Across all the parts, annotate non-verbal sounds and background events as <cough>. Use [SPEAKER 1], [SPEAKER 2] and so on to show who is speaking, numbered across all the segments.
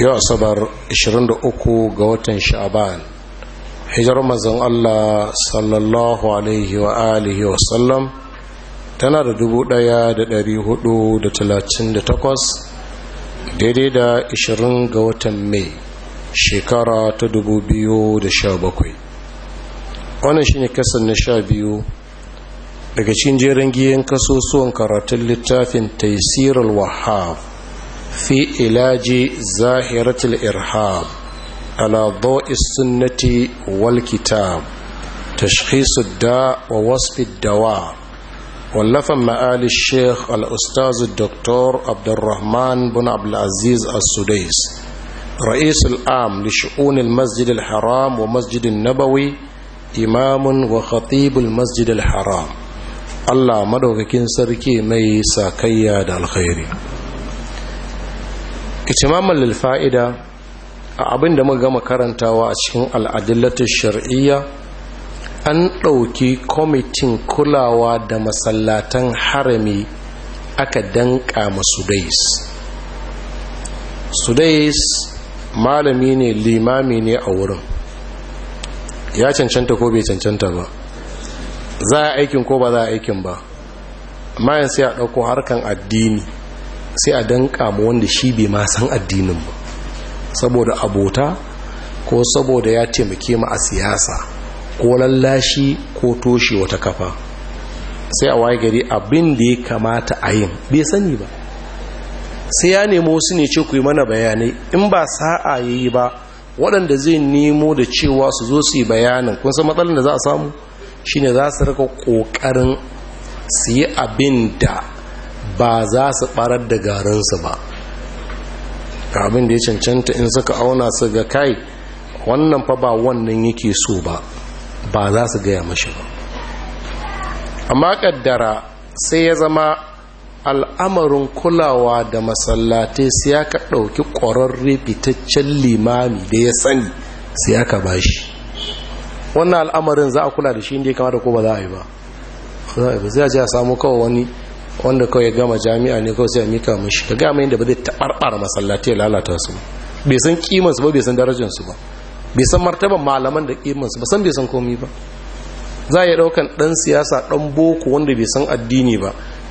[SPEAKER 1] yau asabar 23 ga watan Shaban, hijar mazan allah sallallahu alaihi wa alihi wa sallam tana da 1438 daidai da 20 ga watan mai shekara ta 2017 wannan shi ne kasar na sha biyu daga cikin jerin giyan kasosuwan karatun littafin taisirar wahab fi ilaji zahiratul irhab ala dawi sunnati wal kitab da wa wasf dawa wallafa ma'ali sheikh al-ustaz ad Abdulrahman bin Abdul Aziz As-Sudais رئيس العام لشؤون المسجد الحرام ومسجد النبوي إمام وخطيب المسجد الحرام الله مدوكين سركي ميسا da alkhairi. itimaman lilfa'ida a abin da muka gama karantawa a cikin al'adillatar shari'iyya an ɗauki kwamitin kulawa da masallatan harami aka danƙa ma sudais sudais malami ne limami ne a wurin ya cancanta ko bai cancanta ba za a aikin ko ba za a aikin ba mayan sai a ɗauko harkan addini sai a danka mu wanda shi bai ma san addinin ba saboda abota ko saboda ya taimake mu a siyasa ko lallashi ko toshe wata kafa sai a waye gari abin da ya kamata a yin bai sani ba sai ya nemo su ne ce ku yi mana bayanai in ba sa'a ya yi ba waɗanda zai nemo da cewa su zo su yi bayanin kun san matsalar da za a samu shine za su rika ƙoƙarin su yi abin da ba za su barar da garinsu ba abin da ya cancanta in suka auna su ga kai wannan fa ba wannan yake so ba ba za su gaya mashi ba amma kaddara sai ya zama al'amarin kulawa da masallatai sai ka ɗauki ƙwararre fitaccen limami da ya sani sai ka ba shi wannan al'amarin za a kula da shi inda ya kamata ko ba za a yi ba za a yi ba sai a a samu kawai wani wanda kawai ya gama jami'a ne kawai sai ya mika mashi ka gama yadda ba zai taɓarɓara masallatai lalata su ba bai san kimansu ba bai san darajarsu ba bai san martaban malaman da kimansu ba san bai san komi ba za a iya ɗaukan ɗan siyasa ɗan boko wanda bai san addini ba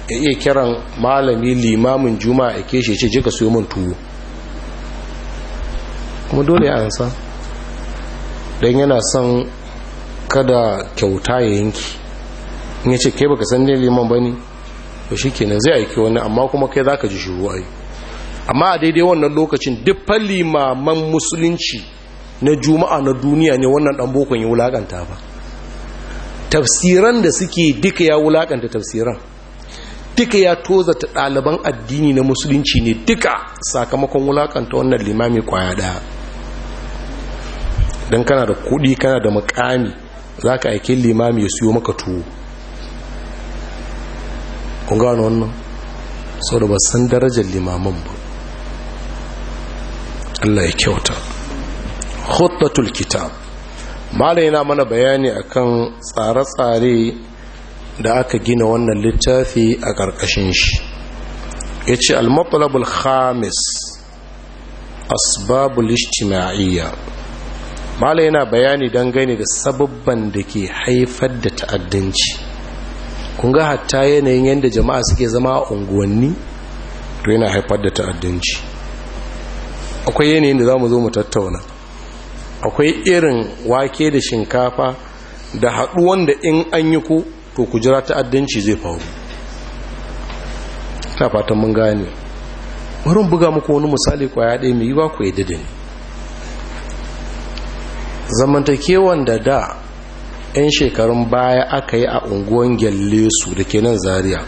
[SPEAKER 1] ya iya kiran malami limamin juma'a ya keshe ce jika ka siyo min tuwo kuma dole ya ansa don yana son kada kyauta ya yanki in ya ce kai baka san ne liman ba ne to kenan zai aiki wani amma kuma kai zaka ji shiru ai amma a daidai wannan lokacin duk limaman musulunci na juma'a na duniya ne wannan dan bokon ya wulakanta ba tafsiran da suke duka ya wulakanta tafsiran duka ya toza ta ɗaliban addini na musulunci ne duka sakamakon wulakanta wannan limami kwaya ɗaya don kana da kuɗi kana da mukami zaka ka aiki limami ya siyo maka tuwo kun gano wannan sau da basan darajar limaman ba Allah ya kyauta khutbatul kitab mala yana mana bayani akan tsare-tsare da aka gina wannan littafi a ƙarƙashin shi ya ce almatalabul khamis asbabul ishtima'iyya mala yana bayani dangane da sababban da ke haifar da ta'addanci kun ga hatta yanayin yadda jama'a suke zama a unguwanni to yana haifar da ta'addanci akwai yanayin da za mu zo mu tattauna akwai irin wake da shinkafa da haɗuwan da in an yi ku to ku jira ta'addanci zai faru ta fatan mun gane wurin buga muku wani misali kwaya ɗaya mai yi ba ku yadda da zamantakewan da da 'yan shekarun baya aka yi a unguwan gyalle su da ke nan Zariya,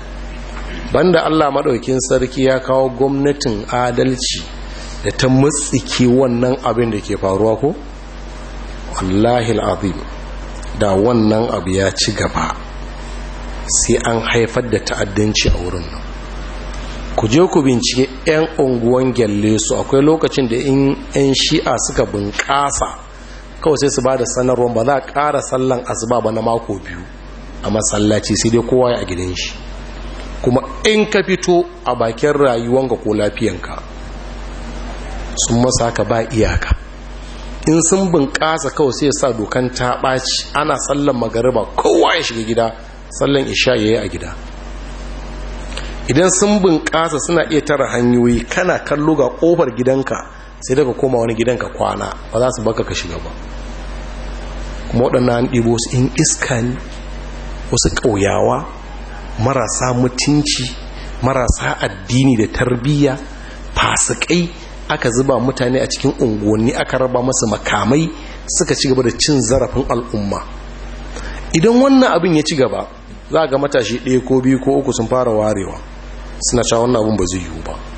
[SPEAKER 1] banda allah maɗaukin sarki ya kawo gwamnatin adalci da ta mutsiki wannan abin da ke faruwa ko wallahi al'azim da wannan abu ya ci gaba sai an haifar da ta'addanci a wurin nan ku je ku bincike 'yan unguwan gyalle su akwai lokacin da in 'yan shi'a suka bunƙasa kawai sai su ba da sanarwar ba za a ƙara sallan asuba ba na mako biyu a masallaci sai dai kowa ya a gidan shi kuma in ka fito a bakin rayuwan ga ko lafiyanka sun masa ka ba iyaka in sun bunƙasa kawai sai sa dokan ta ɓaci ana sallan magariba kowa ya shiga gida sallan isha ya yi a gida idan sun bunƙasa suna iya tara hanyoyi kana kallo ga ƙofar gidanka sai daga koma wani gidan ka kwana ba za su baka ka shiga ba kuma waɗannan an ɗibo su in iska ne wasu ƙauyawa marasa mutunci marasa addini da tarbiyya fasikai aka zuba mutane a cikin unguwanni aka raba masu makamai suka ci gaba da cin zarafin al'umma idan wannan abin ya ci gaba za ga matashi ɗaya ko biyu ko uku sun fara warewa suna cewa wannan abin ba zai yiwu ba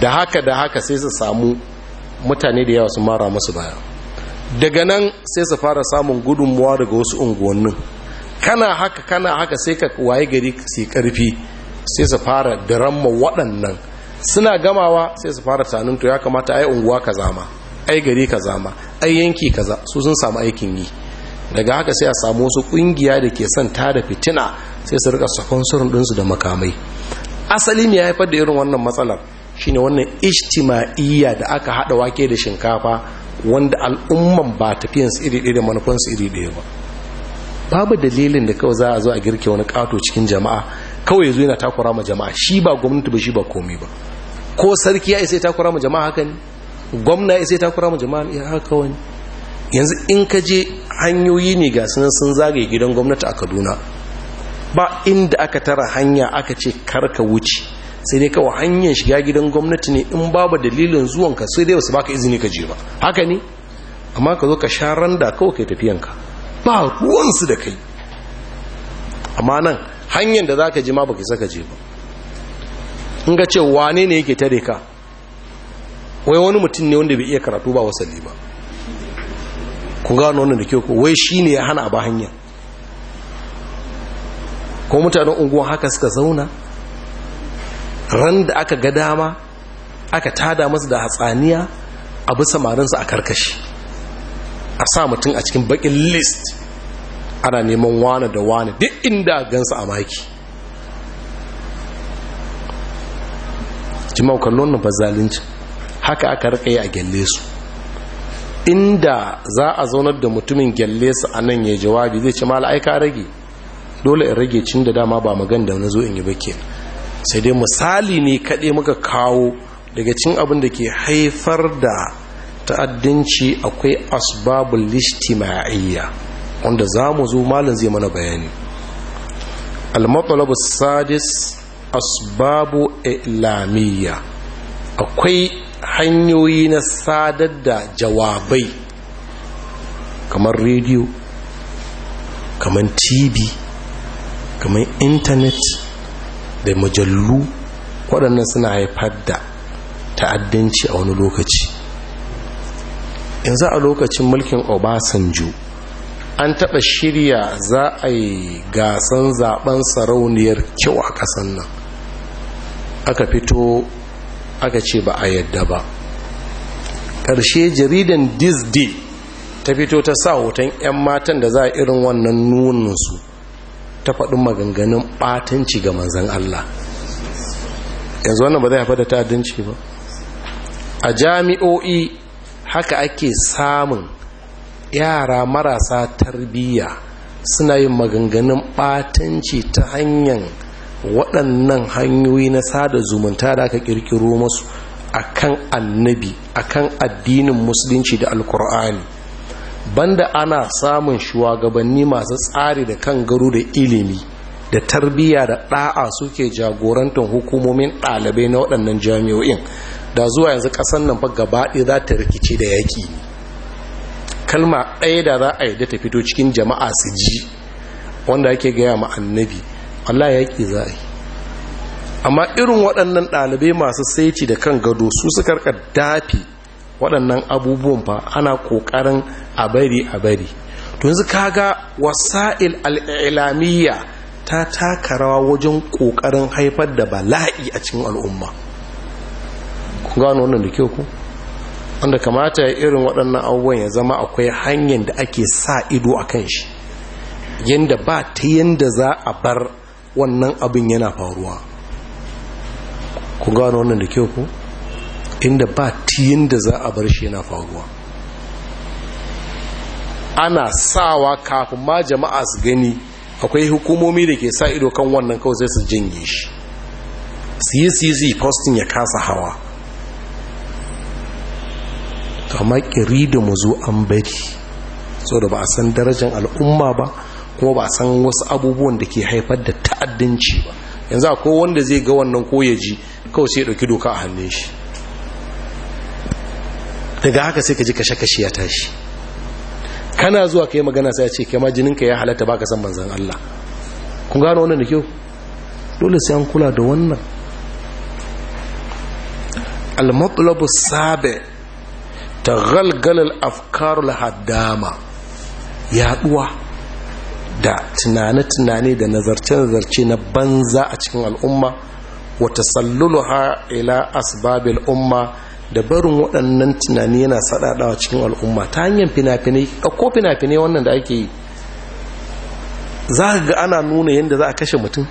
[SPEAKER 1] da haka da haka sai su samu mutane da yawa su mara masu baya daga nan sai su fara samun gudunmuwa daga wasu unguwannin kana haka kana haka sai ka waye gari sai karfi sai su fara diramma waɗannan suna gamawa sai su fara tanin to ya kamata ai unguwa ka zama ai gari ka zama ai yanki kaza su sun samu aikin yi daga haka sai a samu wasu kungiya da ke son da fitina sai su rika sponsorin ɗinsu da makamai asali ne ya haifar da irin wannan matsalar shine wannan ijtima'iyya da aka hada wake da shinkafa wanda al'umman ba su iri ɗaya da su iri ɗaya ba babu dalilin da kawai za a zo a girke wani ƙato cikin jama'a kawai ya zo yana takura ma jama'a shi ba gwamnati ba shi ba komi ba ko sarki ya isa ya takura ma jama'a haka ne gwamna ya isa ya takura ma jama'a ya haka wani yanzu in ka je hanyoyi ne ga sun sun zagaye gidan gwamnati a kaduna ba inda aka tara hanya aka ce karka wuce sai dai kawai hanyar shiga gidan gwamnati ne in babu dalilin zuwanka sai dai wasu baka izini ka je ba haka ne amma ka zo ka sha randa kawai kai tafiyanka ba ruwansu da kai amma nan hanyar da za ka ji ma baka saka je ba in ga ce wane ne yake tare ka wai wani mutum ne wanda bai iya karatu ba wasanni ba ku gano wannan da ke ku wai shi ne ya hana ba hanyar ko mutanen unguwan haka suka zauna ran da aka ga dama aka tada masu da hatsaniya a bi samarinsu a karkashi a sa mutum a cikin bakin list ana neman wane da wane duk inda gansu a maki jimau kallon na bazalincin haka aka rika yi a gyalle su inda za a zaunar da mutumin gyalle su a nan ya jawabi zai ce mala aika rage dole in rage cin da dama ba magan da na zo in yi bakin sai dai misali ne kaɗai muka kawo daga cin abin da ke haifar da ta'addanci akwai asbabul ijtima'iyya wanda za mu zo malam zai mana bayani almatsalabar sadis asbabu ilamiyya akwai hanyoyi na sadar da jawabai kamar rediyo kamar tv kamar intanet da majallu waɗannan suna haifar da ta'addanci a wani lokaci yanzu a lokacin mulkin obasanjo an taɓa shirya za a yi gasan zaɓen sarauniyar kyau a ƙasan nan aka fito aka ce ba a yadda ba ƙarshe jaridan disney ta fito ta sa hoton 'yan matan da za a irin wannan su. ta faɗin maganganun ɓatanci ga manzan Allah yanzu wannan ba zai haifar da ta'addanci ba a jami'o'i haka ake samun yara marasa tarbiyya suna yin maganganun ɓatanci ta hanyar waɗannan hanyoyi na sada zumunta da aka ƙirƙiro musu akan annabi akan addinin musulunci da alkur'ani banda ana samun shugabanni masu tsari da kan garu da ilimi da tarbiyya da ɗa'a suke jagorantar hukumomin ɗalibai na waɗannan jami'o'in da zuwa yanzu ƙasar nan ba gabaɗe za ta rikice da yaƙi kalma ɗaya da za a yi da ta fito cikin jama'a su ji wanda ake gaya ma annabi Allah yaƙi za a yi amma irin waɗannan ɗalibai masu saiti da kan gado su suka dafi waɗannan abubuwan fa ana ƙoƙarin a bari a bari to kaga wasa'il al'ilamiyya ta taka rawa wajen ƙoƙarin haifar da bala'i a cikin al'umma ku gano wannan da kyau ku wanda kamata ya irin waɗannan abubuwan ya zama akwai hanyar da ake sa ido a kan shi yadda ba ta yadda za a bar wannan abin yana faruwa ku gano wannan da kyau ku inda ba tiyin da za a bar shi yana faruwa ana sawa kafin ma jama'a su gani akwai hukumomi da ke sa ido kan wannan kawai sai su jinye shi ccc postin ya kasa hawa amma kiri da zo an bari da ba a san darajar al'umma ba kuma ba a san wasu abubuwan da ke haifar da ta'addanci ba yanzu akwai wanda zai ga wannan koyaji kawai sai ya ɗauki doka a hannun shi daga haka sai ka ji kashe-kashe ya tashi kana zuwa ka yi magana sai ya ce kema jininka ya halatta ba ka san manzan Allah kun gano wannan da kyau dole sai an kula da wannan al mablabu sabe ta galgalar afkarul haddama yaduwa da tunane-tunane da nazarce-nazarce na banza a cikin al'umma wata sallulu ha ila asbabil umma da barin waɗannan tunani yana saɗaɗawa cikin al'umma ta hanyar fina-finai ko fina-finai wannan da ake yi za ga ana nuna yadda za a kashe mutum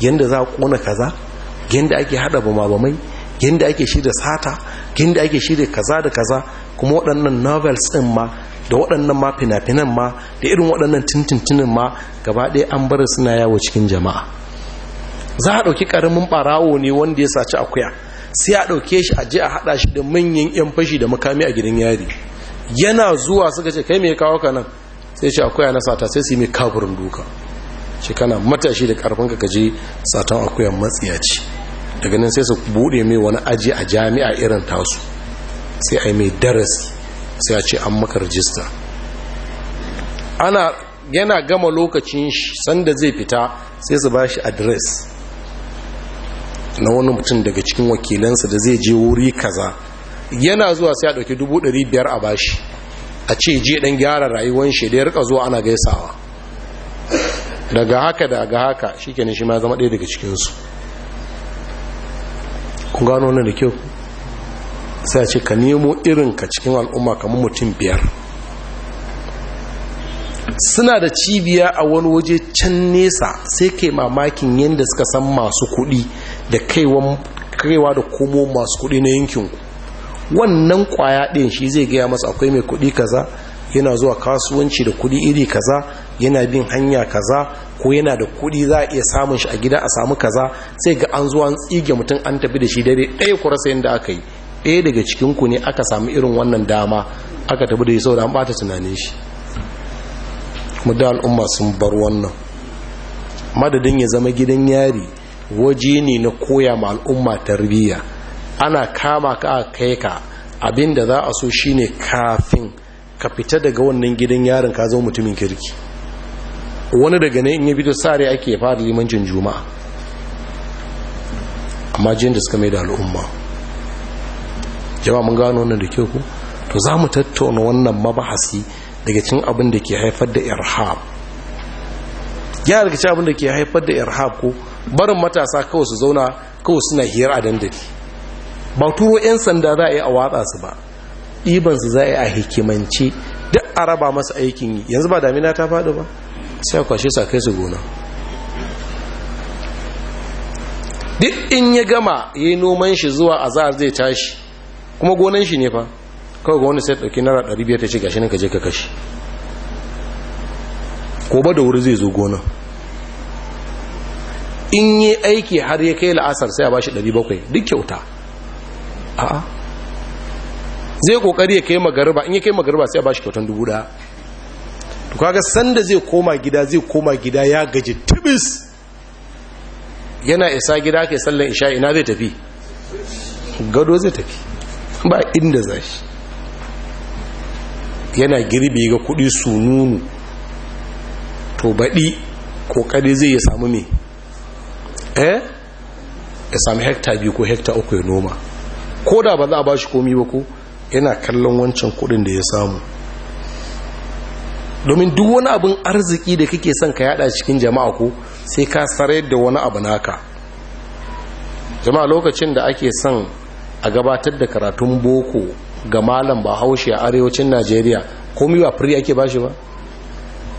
[SPEAKER 1] yadda za a ƙona kaza yadda ake haɗa bamabamai yadda ake shirya sata yadda ake shirya kaza da kaza kuma waɗannan novels ɗin ma da waɗannan ma fina-finan ma da irin waɗannan tintintinin ma gaba ɗaya an bar suna yawo cikin jama'a za a ɗauki ƙaramin ɓarawo ne wanda ya saci akuya sai a ɗauke shi a je a haɗa shi da manyan 'yan fashi da makami a gidan yari yana zuwa suka ce kai mai kawo ka nan sai ce akwai na sata sai su yi mai kaburin duka ce kana matashi da karfin ka kaje satan akwai matsiya ce. daga nan sai su bude mai wani aji a jami'a irin tasu sai a yi mai darasi sai a ce an maka rajista ana yana gama lokacin shi sanda zai fita sai su ba shi adres na wani mutum daga cikin wakilansa da zai je wuri kaza yana zuwa sai a ɗauki dubu ɗari biyar a bashi a ce je ɗan gyara rayuwan shi da ya rika zuwa ana gaisawa daga haka daga haka shi kenan shi ma zama ɗaya daga cikinsu Kun gano da kyau sai a ce ka nemo irinka cikin al'umma kamar mutum biyar suna da cibiya a wani waje can nesa sai kai mamakin yadda suka san masu kuɗi da kaiwa da komo masu kuɗi na yankin wannan kwaya ɗin shi zai gaya masu akwai mai kuɗi kaza yana zuwa kasuwanci da kuɗi iri kaza yana bin hanya kaza ko yana da kuɗi za a iya samun shi a gida a samu kaza sai ga an zuwa tsige mutum an tafi da shi dare ɗaya kura sayan yadda aka yi ɗaya daga cikinku ne aka samu irin wannan dama aka tafi da shi saboda an ɓata tunanin shi muda da al'umma sun bar wannan madadin ya zama gidan yari waje ne na koya ma al'umma tarbiyya ana kama ka a kai ka abinda za a so shine kafin ka fita daga wannan gidan yarin ka zama mutumin kirki wani daga ne in ya fito sare ake fara limancin juma'a amma jin da suka mai da al'umma jama'a mun gano wannan da ke ku to za mu tattauna wannan mabahasi daga cin abin da ke haifar da irhab ya daga cin abin da ke haifar da irhab ko barin matasa kawai su zauna kawai suna hiyar a dandali ba turo 'yan sanda za a yi a watsa su ba su za a yi a hikimance duk a raba masa aikin yi yanzu ba damina ta faɗi ba sai a kwashe sa kai su gona duk in ya gama ya yi noman shi zuwa a zai tashi kuma gonan shi ne fa kawai ga wani sai ɗauki nara ɗari biyar ta ce gashi nan ka je ka kashi ko ba da wuri zai zo gona in yi aiki har ya kai la'asar sai a ba shi ɗari bakwai duk kyauta a'a zai kokari ya kai magariba in ya kai magariba sai a ba shi kyautan dubu ɗaya to kaga sanda zai koma gida zai koma gida ya gaji tibis yana isa gida ke sallan isha ina zai tafi gado zai tafi ba inda za shi yana girbe ga kudi sununu to baɗi kokari zai ya samu me eh ya sami hekta biyu ko hekta uku ya noma ko da ba za a ba shi komi ba ko yana kallon wancan kudin da ya samu domin duk wani abin arziki da kake son ka yada cikin jama'a ko sai ka sarar da wani abu naka jama'a lokacin da ake son a gabatar da karatun boko ga malam bahaushe a arewacin najeriya komi ba firi ake bashi ba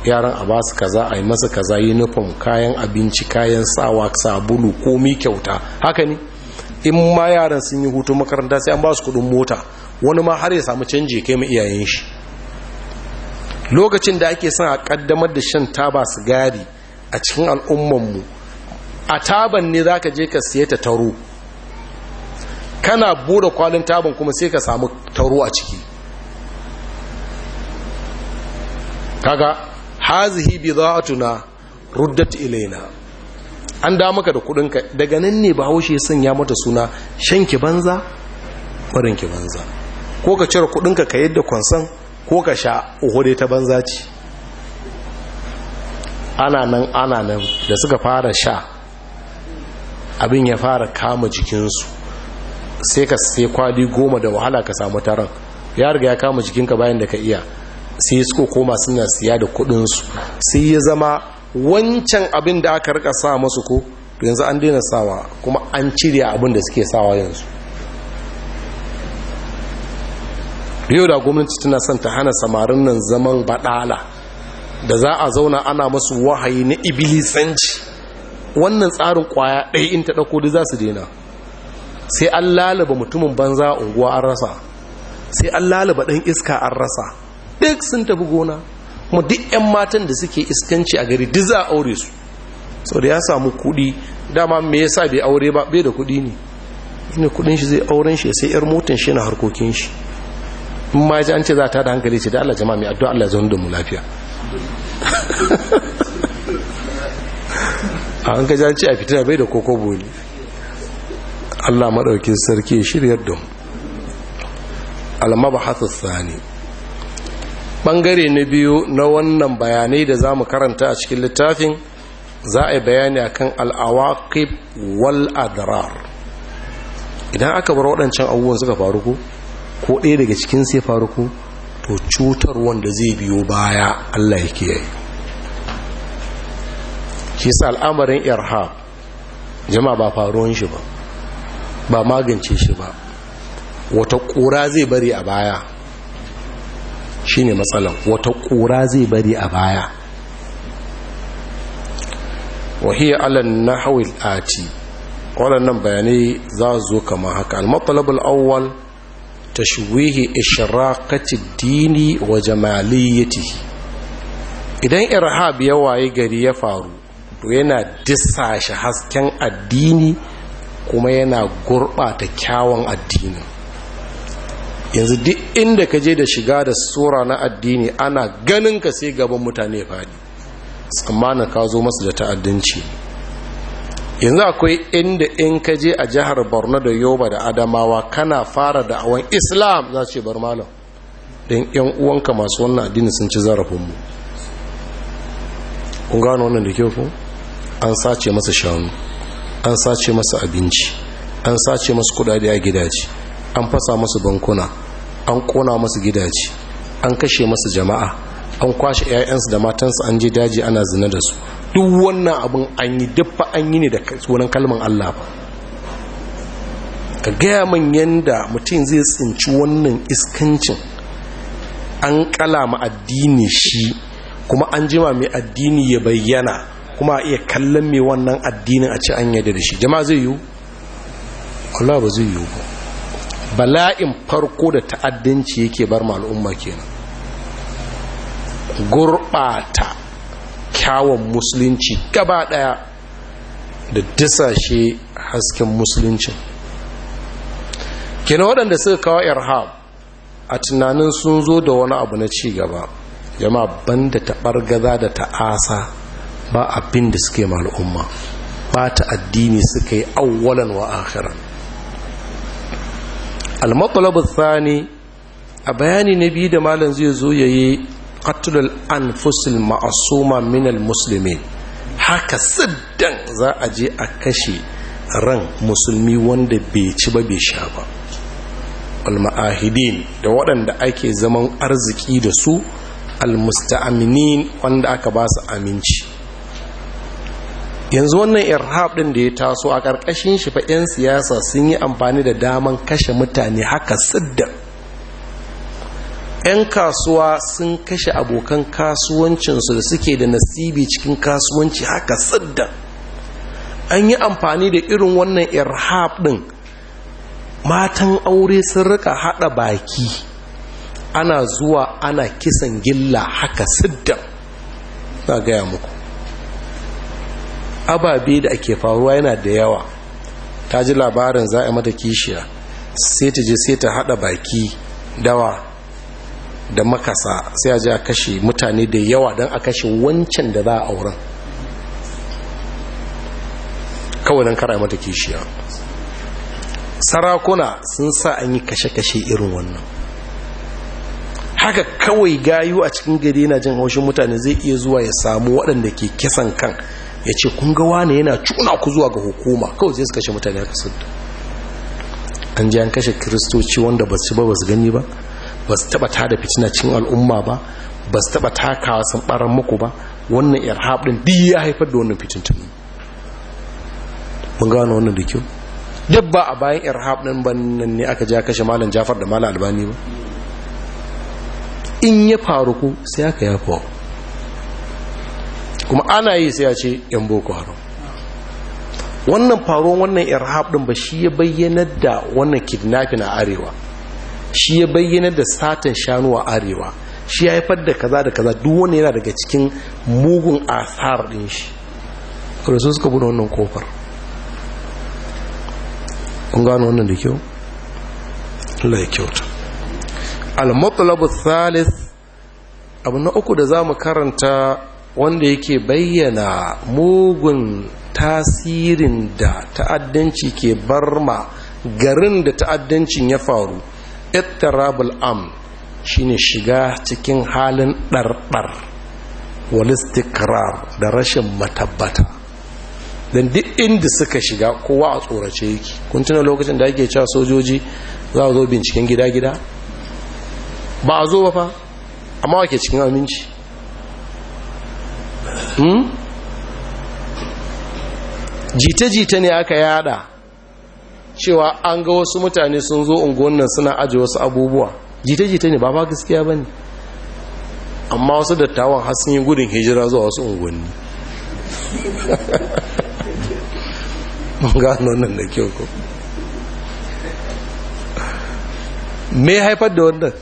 [SPEAKER 1] yaran a ba su kaza a yi masa kaza uniform kayan abinci kayan sawa sabulu komi kyauta haka ne in ma yaran sun yi hutu makaranta sai an ba su kudin mota wani ma har ya samu canji kai ma iyayen shi lokacin da ake son a kaddamar da shan taba sigari a cikin mu a taban ne za ka je ka siye ta taro kana bude kwalin tabin kuma sai ka samu tauro a ciki kaga hazihi bidha'atuna ruddat ilaina an da maka da ka daga nan ne ba haushe sanya mata suna shanki banza barinki banza ko ka cire kudin ka yadda kwansan ko ka sha uhure ta banza ce ana nan ana nan da suka fara sha abin ya fara kama jikinsu sai ka sai kwali goma da wahala ka samu taron ya riga ya kama jikinka bayan da ka iya sai ya suko koma suna siya da kudinsu sai ya zama wancan abin da aka rika sa masu ko yanzu an daina sawa kuma an cire abin da suke sawa yanzu yau da gwamnati tana son ta hana samarin nan zaman badala da za a zauna ana masu wahayi na ibilisanci wannan tsarin kwaya ɗaya in ta ɗauko da za su daina sai an lalaba mutumin banza unguwa an rasa sai an lalaba ɗan iska an rasa duk sun tafi gona kuma duk 'yan matan da suke iskanci a gari duk za a aure su sau da ya samu kuɗi dama me yasa bai aure ba bai da kudi ne ina kuɗin shi zai auren shi sai 'yar motan shi na harkokin shi in ma ji an ce za ta da hankali ce da Allah jama'a mai addu'a Allah zaune da mu lafiya <laughs> a an ka ji an ce a fitina bai da koko boli Allah maɗaukin sarki shiryar da almabahathu thani ɓangare na biyu na wannan bayanai da zamu karanta a cikin littafin za a yi bayani akan al'awaqib wal adrar idan aka bar waɗancan abubuwan suka faru ko ko ɗaya daga cikin sai faru ko to cutar wanda zai biyo baya Allah ya yi. shi sa al'amarin irhab jama'a ba faruwan shi ba ba magance shi ba wata ƙura zai bari a baya shi ne matsalan wata ƙura zai bari a baya wahiyar alan na hawil ati waɗannan bayanai za zo kama haka almatalabal awwal tashwihi ishraƙati dini wa jamaliyyati idan irhab ya waye gari ya faru to yana dissa hasken addini kuma yana gurɓata kyawun addini yanzu duk inda ka je da shiga da sura na addini ana ganin ka sai gaban mutane fadi tsammanin ka zo masu da ta'addanci yanzu akwai inda in ka je a jihar borno da yoba da adamawa kana fara da awon islam za ce bar malam don yan uwanka masu wannan addini sun ci zarafinmu kun gano wannan da kyau an sace masa shanu an sace masa abinci an sace masa kudade a gidaje an fasa masa bankuna an kona masa gidaje an kashe masa jama'a an kwashe 'ya'yansu da matansu an je daji ana zina da su duk wannan abin an yi fa an yi ne da sunan kalman Allah ba ka gaya man yanda mutum zai tsinci wannan iskancin an kalama addini shi kuma an jima mai addini ya bayyana kuma iya kallon mai wannan addinin a ci an yadda da shi jama'a zai yiwu Allah ba zai yiwu ba bala'in farko da ta'addanci yake bar ma al'umma kenan gurɓata kyawun musulunci gaba ɗaya da disashe hasken musuluncin kenan waɗanda suka kawo irhab a tunanin sun zo da wani abu na ci gaba jama'a banda taɓar gaza da ta'asa ba abin da suke ma al'umma ba ta addini suka yi awwalan wa akhiran al-matlab ath a bayani Nabi da malam zai zo yayi al-anfus al ma'suma min al-muslimin haka siddan za a je a kashe ran musulmi wanda bai ci ba bai sha ba al-ma'ahidin da waɗanda ake zaman arziki da su al-musta'aminin wanda aka ba su aminci yanzu wannan irhab din da ya taso a ƙarƙashin shi fa 'yan siyasa sun yi amfani da daman kashe mutane haka sidda 'yan kasuwa sun kashe abokan kasuwancinsu da suke da nasibi cikin kasuwanci haka sidda an yi amfani da irin wannan irhab din matan aure sun rika hada baki ana zuwa ana kisan gilla haka sidda na gaya muku ababe da ake faruwa yana da yawa ta ji labarin za a mata kishiya sai ta je sai ta hada baki dawa da makasa sai a a kashe mutane da yawa don a kashe wancan da za a auren kawai don kara mata kishiya sarakuna sun sa an yi kashe-kashe irin wannan haka kawai gayu a cikin gari na jin haushin mutane zai iya zuwa ya samu waɗanda ke kisan kan ya ce kun ga wane yana cuna ku zuwa ga hukuma kawai zai su kashe mutane a kasar an ji an kashe kiristoci wanda ba su ba ba su gani ba ba su taba tada fitina cikin al'umma ba ba su taba takawa sun ɓaran muku ba wannan irhab din duk ya haifar da wannan fitintun mun gano wannan da kyau duk ba a bayan irhab din bannan ne aka ja kashe malam Jafar da malam Albani ba in ya faru ku sai aka yafa kuma ana yi sai a ce yan boko haram wannan faruwan wannan irhab din ba shi ya bayyana da wannan kidnapping a arewa shi ya bayyana da satan shanu a arewa shi ya haifar da kaza da kaza duk wani yana daga cikin mugun asar din shi kuma su suka bude wannan kofar kun gano wannan da kyau Allah ya kyauta al-matlabu thalith abu na uku da zamu karanta wanda yake bayyana mugun tasirin da ta'addanci ke barma garin da ta'addancin ya faru ittarabul am shine shiga cikin halin ɗarɗar walistikrar da rashin matabbata don duk inda suka shiga kowa a tsorace yake kun tuna lokacin da ake cewa sojoji za a zo binciken gida-gida ba a zo ba fa amma wake cikin aminci Hmm? jita-jita ne aka yada cewa an ga wasu mutane sun zo unguwannan nan suna aji wasu abubuwa jita-jita ne ba ba gaskiya ba ne amma wasu dattawan har sun yi gudun hijira zuwa wasu unguwanni <laughs> gano nan da kyau ko me haifar da wannan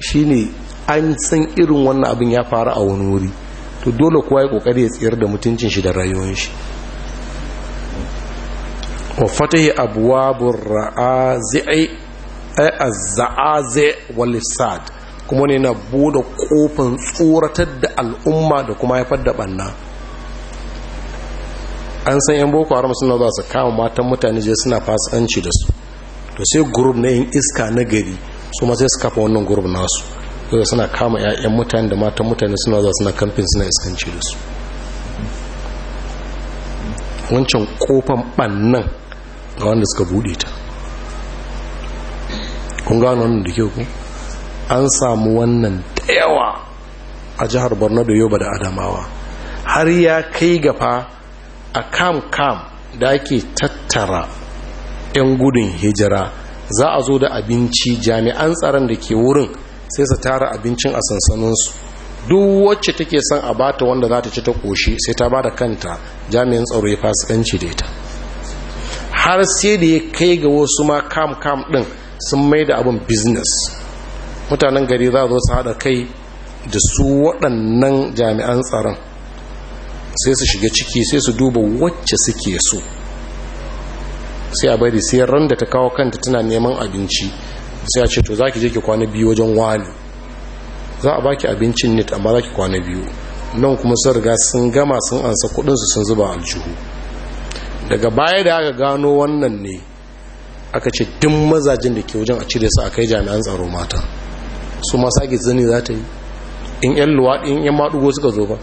[SPEAKER 1] shine an san irin wannan abin ya faru a wani wuri to dole kowa ya kokari ya tsayar da mutuncin shi da rayuwar shi wa fatahi abwabur ra'azi az-za'azi wal sad kuma ne na bude kofin tsoratar da al'umma da kuma haifar da banna an san yan boko haram suna za su kama matan mutane je suna fasanci da su to sai group na yin iska na gari su ma sai su kafa wannan group nasu kuma suna kama 'ya'yan mutane da matan mutane suna zuwa suna kamfin suna iskanci da su wancan kofan bannan ga wanda suka bude ta kun gano wannan da ke ku an samu wannan tayawa a jihar borno da yoba da adamawa har ya kai gafa a kam kam da ake tattara 'yan gudun hijira za a zo da abinci jami'an tsaron da ke wurin sai su tara abincin a sansaninsu duk wacce take son a bata wanda za ta ci ta koshi sai ta bada kanta jami'in tsaro ya fasikanci da ita har sai da ya kai ga wasu ma kam kam din sun mai da abin business mutanen gari za zo su haɗa kai da su waɗannan jami'an tsaron sai su shiga ciki sai su duba wacce suke so sai a bari sai ran da ta kawo kanta tana neman abinci sai a ce to za ki je ki kwana biyu wajen wani za a baki abincin net amma za ki kwana biyu nan kuma sun riga sun gama sun ansa kudinsu sun zuba aljihu daga baya da aka gano wannan ne aka ce duk mazajin da ke wajen a cire su a kai jami'an tsaro mata su ma sake zane za ta yi in yan luwaɗi in yan maɗugo suka zo ba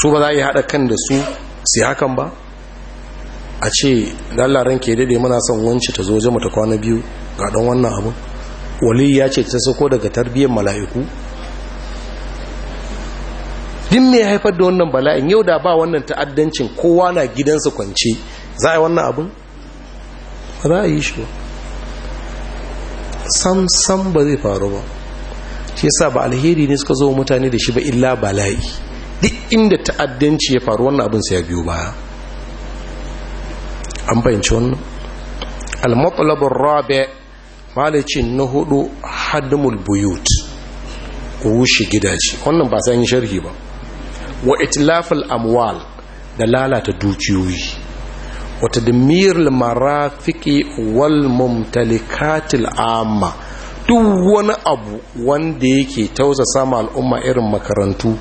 [SPEAKER 1] su ba za a yi haɗa kan da su su hakan ba a ce da ke ranke dade muna son wanci ta zo jama ta kwana biyu ga don wannan abu wali ya ce ta sako daga tarbiyyar mala'iku din ne haifar da wannan bala'in yau da ba wannan ta'addancin kowa na gidansa kwance za a yi wannan abin ba za a yi shi sam sam ba zai faru ba shi yasa ba alheri ne suka zo mutane da shi ba illa bala'i duk inda ta'addanci ya faru wannan abin sai ya biyu baya an bayanci wannan al-matlabur malicin na hudu hadimul buyut rushe gidaje wannan ba san sharhi ba wa itlaful amwal da lalata dukiyoyi wa tadmirul marafiqi wal mumtalikatil amma duk wani abu wanda yake tausa sama al'umma irin makarantu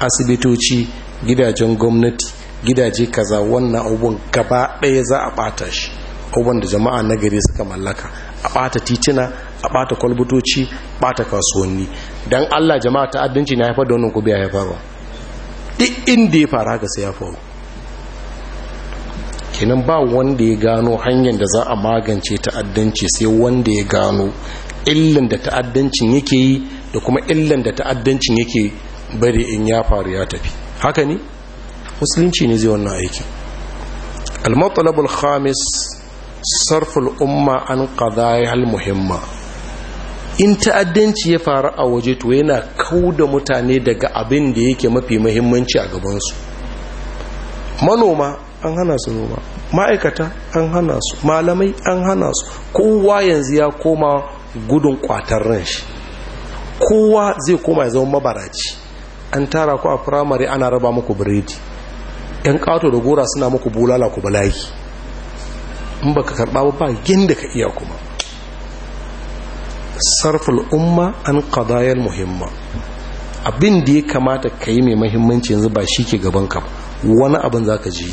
[SPEAKER 1] asibitoci gidajen gwamnati gidaje kaza wannan abubuwan gaba ɗaya za a ɓata shi abubuwan da jama'a na gari suka mallaka a ɓata titina a ɓata kwalbutoci ɓata kasuwanni don allah jama'a ta'addanci na haifar da wannan kubi ya haifar ba duk inda ya fara haka sai ya faru kenan ba wanda ya gano hanyar da za a magance ta'addanci sai wanda ya gano illan da ta'addancin yake yi da kuma illan da ta'addancin yake bari in ya faru ya tafi haka ne musulunci ne zai wannan aiki al khamis sarful umma an hal muhimma in ta'addanci ya faru a waje to yana kauda mutane daga abin da yake mafi muhimmanci a gabansu manoma an hana su noma ma'aikata an hana su malamai an hana su kowa yanzu ya koma gudun kwatar ran shi kowa zai koma ya zama mabaraci an tara ku a firamare ana raba muku biredi yan ƙato da gora suna muku bulala ku bala'i in baka karɓa ba yadda ka iya kuma sarfal umma an qadayal muhimma abin da ya kamata ka yi mai mahimmanci yanzu ba shi ke gaban ka wani abin za ka ji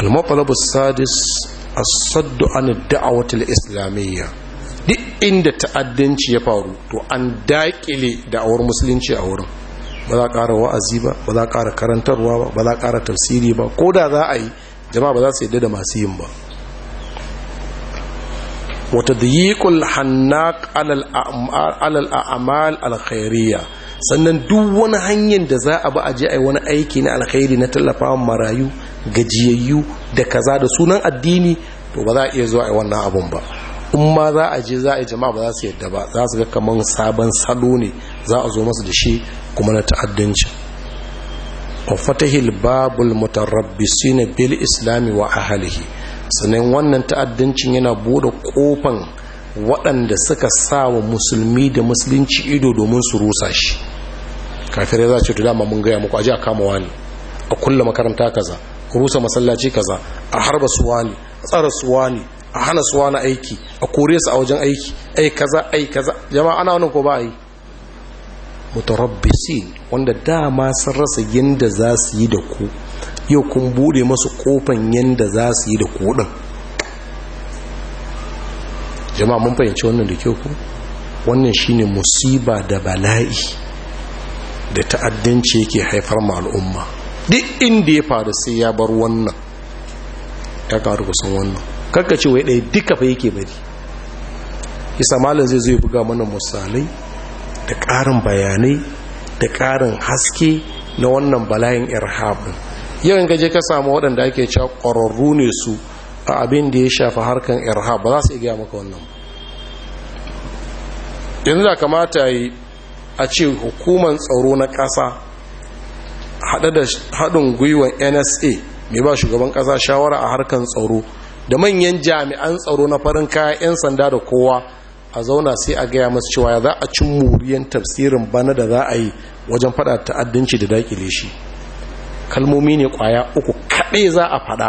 [SPEAKER 1] al sadis a saddu an da'awatul islamiyya duk inda ta'addanci ya faru to an daƙile da'awar musulunci a wurin ba za a ƙara wa'azi ba ba za a ƙara karantarwa ba ba za a ƙara tafsiri ba ko da za a yi jama'a ba za su yadda da masu yin ba wata dayiƙul hannak alal al alkhairiyya sannan duk wani hanyar da za a ba a je a yi wani aiki na alkhairi na tallafawa marayu gajiyayyu da kaza da sunan addini to ba za a iya zuwa a yi wannan abun ba in ma za a je za a yi jama'a ba za su yadda ba za su ga kamar sabon salo ne za a zo masu da shi kuma na ta'addanci a fatahil babul na bil islami wa ahlihi sanan wannan ta'addancin yana bude kofan waɗanda suka sa wa musulmi da musulunci ido domin su rusa shi kafirai za ce to dama mun gaya muku aje a kama wani a kulla makaranta kaza rusa masallaci kaza a harba suwani a tsara suwani a hana suwa na aiki a kore su a wajen aiki ai kaza ai kaza jama'a ana wani ko ba yi mutarabbisi wanda dama sun rasa yadda za su yi da ku yau kun bude masu kofan yadda za su yi da ku din jama'a mun fahimci wannan da kyau ku wannan shine musiba da bala'i da ta'addanci yake haifar ma al'umma duk inda ya faru sai ya bar wannan ya karu kusan wannan kakka ce wai ɗaya duka fa yake bari isa malam zai zo ya buga mana musalai, da ƙarin bayanai da ƙarin haske na wannan bala'in irhabin yau in gaje ka samu waɗanda ake cewa ƙwararru ne su a abin da ya shafa harkan irhab ba za su iya maka wannan yanzu da kamata yi a ce hukumar tsaro na ƙasa haɗe da haɗin gwiwar nsa mai ba shugaban ƙasa shawara a harkan tsaro da manyan jami'an tsaro na farin kaya 'yan sanda da kowa a zauna sai a gaya masu cewa za a cin muriyan tafsirin bana da za a yi wajen fada ta'addanci da dakile shi kalmomi ne kwaya uku kaɗai za a fada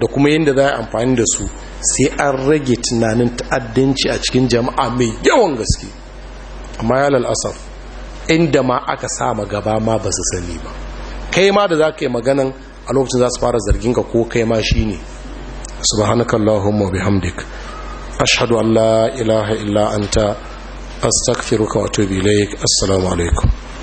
[SPEAKER 1] da kuma yadda za a amfani da su sai an rage tunanin ta'addanci a cikin jama'a mai yawan gaske amma ya lalasaf inda ma aka sa gaba ma ba su sani ba kai ma da za ka yi maganan a lokacin za su fara zargin ka ko kai ma shi ne subhanakallahumma bihamdik ashhadu an la ilaha anta astaghfiruka wa atubu assalamu alaikum